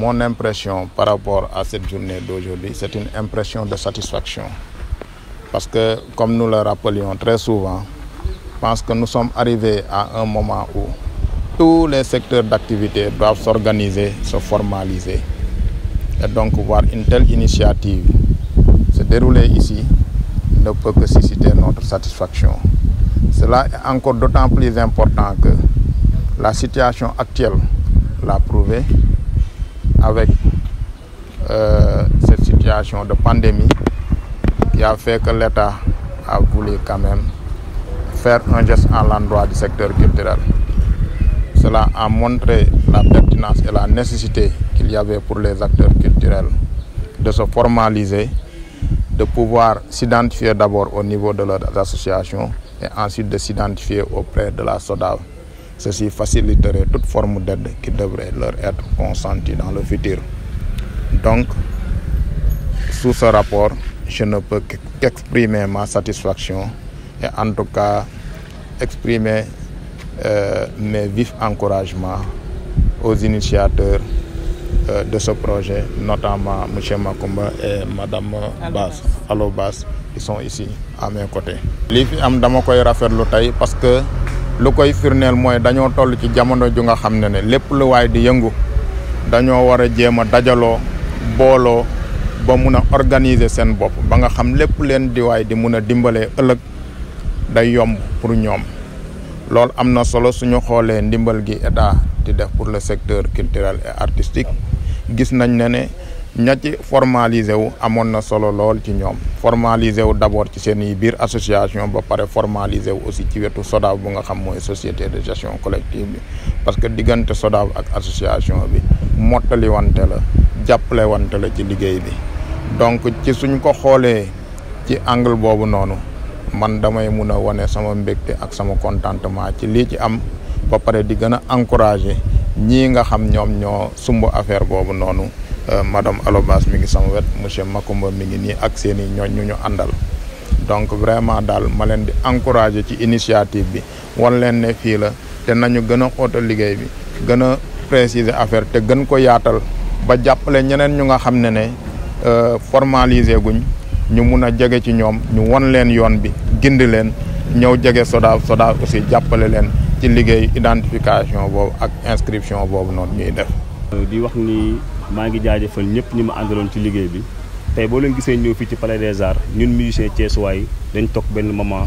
mon impression par rapport à cette journée d'aujourd'hui, c'est une impression de satisfaction. Parce que, comme nous le rappelions très souvent, parce que nous sommes arrivés à un moment où tous les secteurs d'activité doivent s'organiser, se formaliser. Et donc, voir une telle initiative se dérouler ici ne peut que susciter notre satisfaction. Cela est encore d'autant plus important que la situation actuelle l'a prouvé avec euh, cette situation de pandémie qui a fait que l'État a voulu quand même faire un geste à l'endroit du secteur culturel. Cela a montré la pertinence et la nécessité qu'il y avait pour les acteurs culturels de se formaliser, de pouvoir s'identifier d'abord au niveau de leurs sociation et ensuite de s'identifier auprès de la SODAV. Ceci faciliterait toute forme d'aide qui devrait leur être consentie dans le futur. Donc, sous ce rapport, je ne peux qu'exprimer ma satisfaction et en tout cas exprimer euh, mes vifs encouragements aux initiateurs euh, de ce projet, notamment M. Makumba et Madame Bass, Allo Bass, qui sont ici à mes côtés. li fi am dama koy rafetlu tey parce que lu koy firndeel mooy dañoo toll ci jamono ju nga xam ne ne lépp lu waay di yëngu dañoo war a jéem a dajaloo booloo ba mun a organiser seen bopp ba nga xam lépp leen di waay di mun a dimbalee ëllëg day yomb pour ñoom loolu am na solo suñu xoolee ndimbal gi état di def pour le secteur culturel et artistique gis nañ ne ne ña ci wu amoon na solo lool ci ñoom formalisé wu d' abord ci seen i biir association ba pare formalisé wu aussi ci wetu SODAV bu nga xam mooy société de gestion collective bi parce que diggante SODAV ak association bi mottali wante la jàppale wante la ci liggéey bi donc ci suñ ko xoolee ci angle boobu noonu man damay mun a wane sama mbégte ak sama contentement ci lii ci am ba pare di gën a encouragé ñii nga xam ñoom ñoo sumb affaire boobu noonu Euh, madame Alobas mi ngi sama wet monsieur Makumba mi ngi nii ak seen i ñooñ ñu ñu àndal donc vraiment daal ma leen di encourager ci initiative bi wan leen ne fii la te nañu gën a xóotal liggéey bi gën a préciser affaire te gën ko yaatal ba jàppale ñeneen ñu nga xam ne ne euh, formaliser guñ ñu mun a jege ci ñoom ñu won leen yoon bi gindi leen ñëw jege soda soda aussi jàppale leen ci liggéey identification boobu ak inscription boobu noonu ñuy def. maa ngi jaajëfal ñëpp ñi ma àndaloon ci liggéey bi tey boo leen gisee ñëw fii ci palais des arts ñun musiciens Thiessois dañ toog benn moment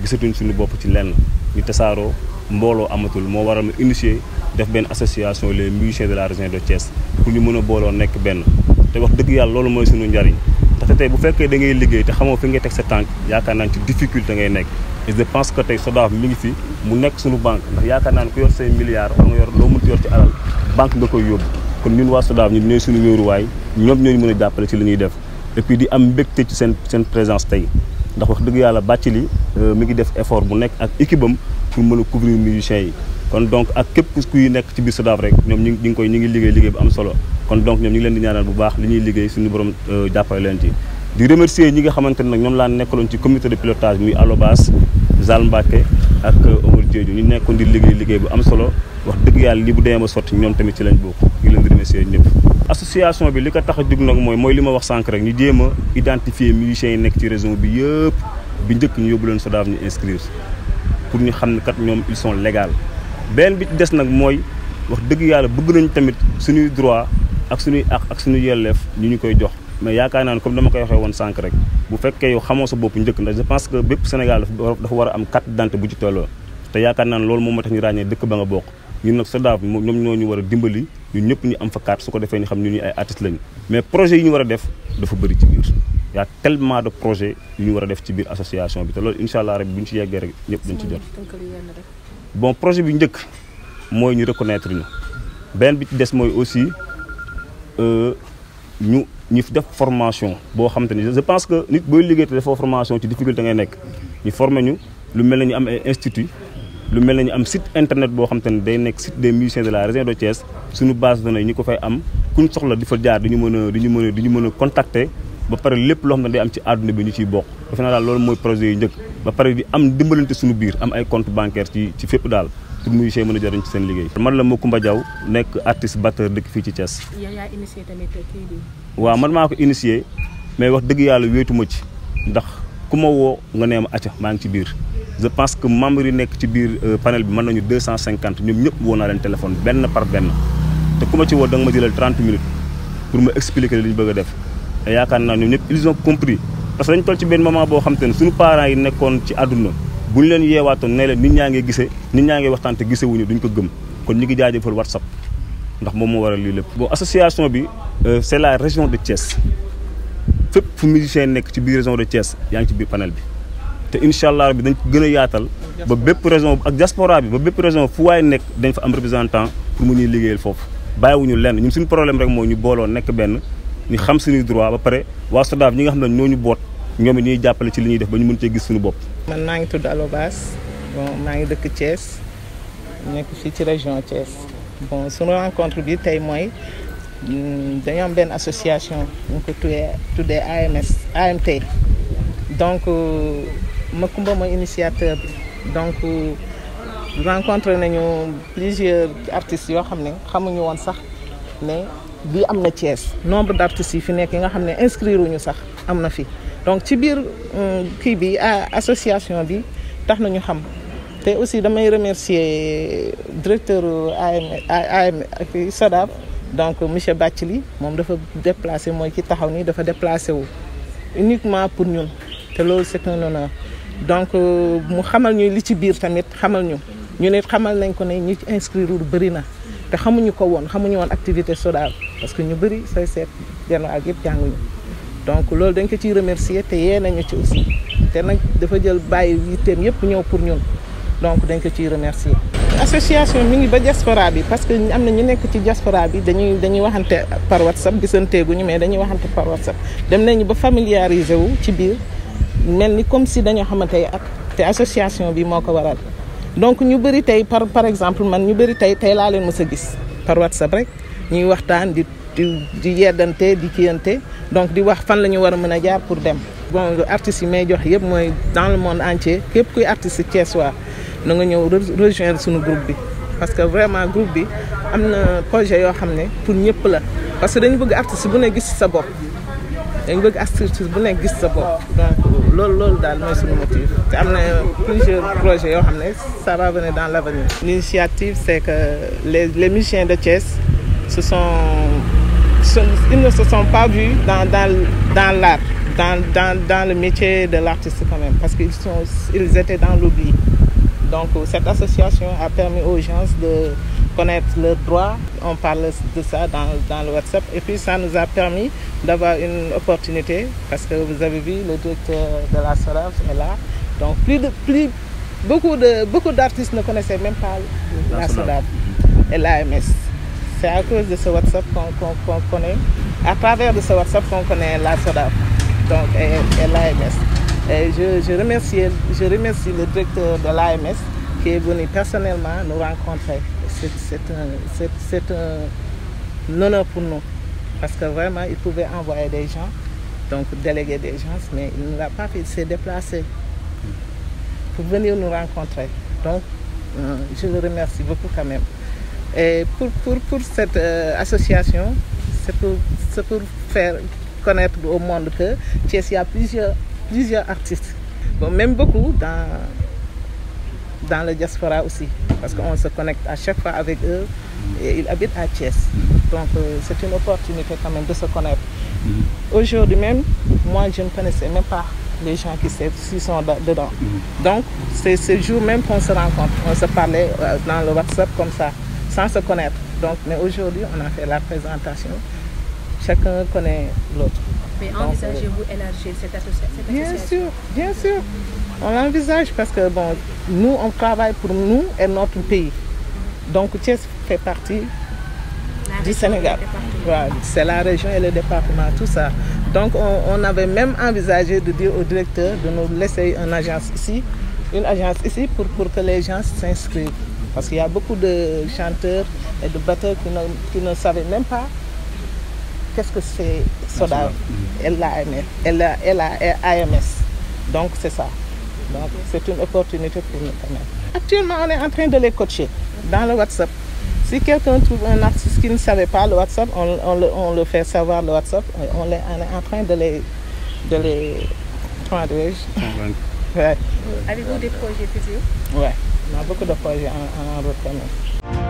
gisatuñ suñu bopp ci lenn ñu tasaaroo mbooloo amatul moo waral ma initier def benn association les musiciens de la région de Thiès pour ñu mën booloo nekk benn te wax dëgg yàlla loolu mooy suñu njariñ ndaxte tey bu fekkee da ngay liggéey te xamoo fi ngay teg sa tànk yaakaar naa ci difficulté ngay nekk et je pense que tey mi ngi fi mu nekk suñu banque ndax yaakaar naa ku yor say milliards wala nga yor loo mënti yor ci alal kon ñun waa SODAV ñun ñooy suñu wéeruwaay ñoom ñooñu mën a jàppale ci li ñuy def et puis di am mbégte ci seen présence tey ndax wax dëgg yàlla Bathily euh, mi ngi def effort bu nekk ak équipe am pour mën a couvrir musiciens yi kon donc ak képp kuy nekk ci biir SODAV rek ñoom ñu koy ñu ngi liggéey liggéey bu am solo kon leen di ñaanal bu baax li ñuy liggéey suñu borom euh, jàppale leen ci di remercier ñi nga xamante ne nag ñoom laa nekkaloon ci comité de pilotage muy Alobas Zal Mbacke ak Omar liggéey liggéey bu am solo wax dëgg yàlla li bu demee ba remercier ñëpp association bi li ko tax a jug nag mooy mooy li ma wax sànq rek ñu jéem a identifier musiciens yi nekk ci région bi yëpp bi njëkk ñu yóbbu leen SODAV ñu inscrire pour ñu xam ne kat ñoom ils sont légal benn bi ci des nag mooy wax dëgg yàlla bëgg nañ tamit suñuy droit ak suñuy àq ak suñuy yelleef ñu ñu koy jox mais yaakaar naa comme dama koy waxee woon sànq rek bu fekkee yow xamoo sa bopp njëkk ndax je pense que bépp Sénégal dafa war a am bu ci tolloo te yaakaar naa moo tax ñu ràññee dëkk ba bokk ñun nag moom ñoom ñoo ñu war a dimbali ñun ñëpp ñu am fa carte su ko defee ñu xam ne ñu ay artistes lañu mais projet yi ñu war def dafa bari ci biir y a tellement de projet yu ñu war def ci biir association bi te loolu incha allah rek bu ñu ci yeggee rek ñëpp dañ ci jot bon projet bi njëkk mooy ñu reconnaître ñu benn bi ci des mooy aussi euh, ñu ñu def formation boo xam te ne je pense que nit booy liggéey te defoo formation ci difficulté ngay nekk ñu former ñu lu mel ne ñu am ay institut lu mel ne ñu am site internet boo xam te ne day nekk site des musiciens de la région de Thiès suñu base de ñu ko fay am kuñ soxla di fa jaar di ñu mën a di ñu mën a di a contacter ba pare lépp loo xam ne day am ci àdduna bi ñu ciy bokk defe naa daal loolu mooy projet yu njëkk ba pare di am suñu biir am ay compte bancaire ci ci fépp daal pour muy see mën a jariñ ci seen liggéey. man la Macoumba Diaw nekk artiste batteur dëkk fii ci Thiès. yow yaa initié tamit waaw man maa ko initié mais wax dëgg yàlla wéetu ma ci ndax ku ma woo nga nee ma acca maa ngi ci biir je pense que membres yi nekk ci biir euh, panel bi mën nañu deux cent cinquante ñoom ñëpp woo naa leen benn par benn te ku ma ci woo da ma jëlal trente minutes pour ma expliquer li ñu bëgg def te yaakaar naa ñoom ñëpp ils ont compris parce que dañu toll ci benn moment boo xam te ne suñu parents yi nekkoon ci àdduna bu ñu leen yeewaatoon ne leen nit ñaa ngi gisee nit ñaa ngi waxtaan te gise wuñu duñ ko gëm kon ñu ngi jaajëfal WhatsApp ndax moom moo a lii lépp. boo association bi euh, c'est la région de Thiès fépp fu nekk ci biir région de Thiès yaa ngi ci biir panel bi. te incha allah rabi dañ ko gën yaatal ba bépp région ak diaspora bi ba bépp région fu waay nekk dañ fa am représentant pour mu ñuy liggéeyal foofu bàyyiwuñu lenn ñun suñu problème rek mooy ñu booloo nekk benn ñu xam suñuy droit ba pare waa SODAV ñi nga xam ne ñu boot ñoom it ñuy jàppale ci li ñuy def ba ñu mën cee gis suñu bopp man maa ngi tudd Alobas bon maa ngi dëkk Thiès nekk fii ci région Thiès bon suñu rencontre bi tey mooy mm, dañoo am benn association ñu ko tuddee tuddee AMS AMT donc euh, Makumba mooy initiateur bi donc rencontré nañu plusieurs artistes yoo xam ne xamuñu woon sax ne bi am na Thiès nombre d'artistes yi fi nekk yi nga xam ne inscrire wuñu sax am na fi donc ci biir kii bi association bi tax nañu xam te aussi damay remercier directeur AM AM ak SODAV donc monsieur Bathily moom dafa déplacé mooy ci taxaw nii dafa déplacé wu uniquement pour ñun te loolu c'est un donc euh, mu xamal ñu li ci biir tamit xamal ñu ñu ne xamal nañ ko ne ñu ci inscrire bëri na te xamuñu ko woon xamuñu woon activité SODAV parce que ñu bëri say seet genn ak yëpp jànguñu donc loolu dañ ko ciy remercier te yee nañu ci aussi te nag dafa jël bàyyi yitteem yëpp ñëw pour ñun donc dañ ko ciy remercier association mi ngi ba diaspora bi parce que am na ñu nekk ci diaspora bi dañuy dañuy waxante par whatsapp gisanteeguñu mais dañuy waxante par whatsapp dem nañu ba familiariser wu ci biir mel ni comme si dañoo xamante tey ak te association bi moo ko waral donc ñu bëri tey par par exemple man ñu bëri tey tey laa leen ma sa gis par whatsapp rek ñuy waxtaan di di yeddante di yante donc di wax fan la ñu war a mën a jaar pour dem. bon artistes yi may jox yëpp mooy dans le monde entier képp kuy artiste thiessois na nga ñëw rejoindre suñu groupe bi. parce que vraiment groupe bi am na projet yoo xam ne pour ñëpp la parce que dañu bëgg artiste bu ne gis sa bopp. dañ bëgg ak structure bu nekk gis sa bopp donc loolu loolu am na plusieurs projets yoo xam ne ça va venir dans l'avenir l'initiative c'est que les les musiciens de Thiès se sont ils ne se sont pas vus dans dans dans l'art dans dans dans le métier de l'artiste quand parce qu'ils sont ils étaient dans l'oubli donc cette association a permis aux gens de connaître le droits on parle de ça dans dans le WhatsApp et puis nous a permis d'avoir une opportunité parce que vous avez vu, le directeur de la SORAF est là. Donc, plus de, plus, beaucoup de beaucoup d'artistes ne connaissaient même pas la SORAF et l'AMS. C'est à cause de ce WhatsApp qu'on connaît, à travers de ce WhatsApp qu'on connaît la SORAF donc, et, l'AMS. Je, je, remercie, le directeur de l'AMS qui est venu personnellement nous rencontrer. C'est un, un honneur pour nous. parce que vraiment, il pouvait envoyer des gens, donc déléguer des gens, mais il ne pas fait, il s'est pour venir nous rencontrer. Donc, euh, je le remercie beaucoup quand même. pour, pour, pour cette euh, association, c'est pour, pour, faire connaître au monde que Thiès, il a plusieurs, plusieurs artistes. Bon, même beaucoup dans dans la diaspora aussi, parce qu'on se connecte à chaque fois avec eux et ils habitent à Thiès. Donc euh, c'est une opportunité quand même de se connaître. Mhm. Aujourd'hui même, moi je ne connaissais même pas les gens qui sont dedans. Mhm. Donc c'est ce jour même qu'on se rencontre, on se parlait euh, dans le WhatsApp comme ça, sans se connaître. Donc, mais aujourd'hui, on a fait la présentation. Chacun connaît l'autre. mais envisagez-vous élargir cette, cette association Bien sûr, bien sûr. On l'envisage parce que, bon, nous, on travaille pour nous et notre pays. Donc, Thiès fait partie la du Sénégal. Voilà, c'est la région et le département, tout ça. Donc, on, on, avait même envisagé de dire au directeur de nous laisser une agence ici, une agence ici pour, pour que les gens s'inscrivent. Parce qu'il y a beaucoup de chanteurs et de batteurs qui ne, qui ne savaient même pas qu'est-ce que c'est SODAV l'AMS. E. Donc, c'est ça. Donc, c'est une opportunité pour nous quand Actuellement, on est en train de les coacher dans le WhatsApp. Si quelqu'un trouve un artiste qui ne savait pas le WhatsApp, on, le, fait savoir le WhatsApp. On, est en train de les. De les comment ouais. on a beaucoup de projets en, en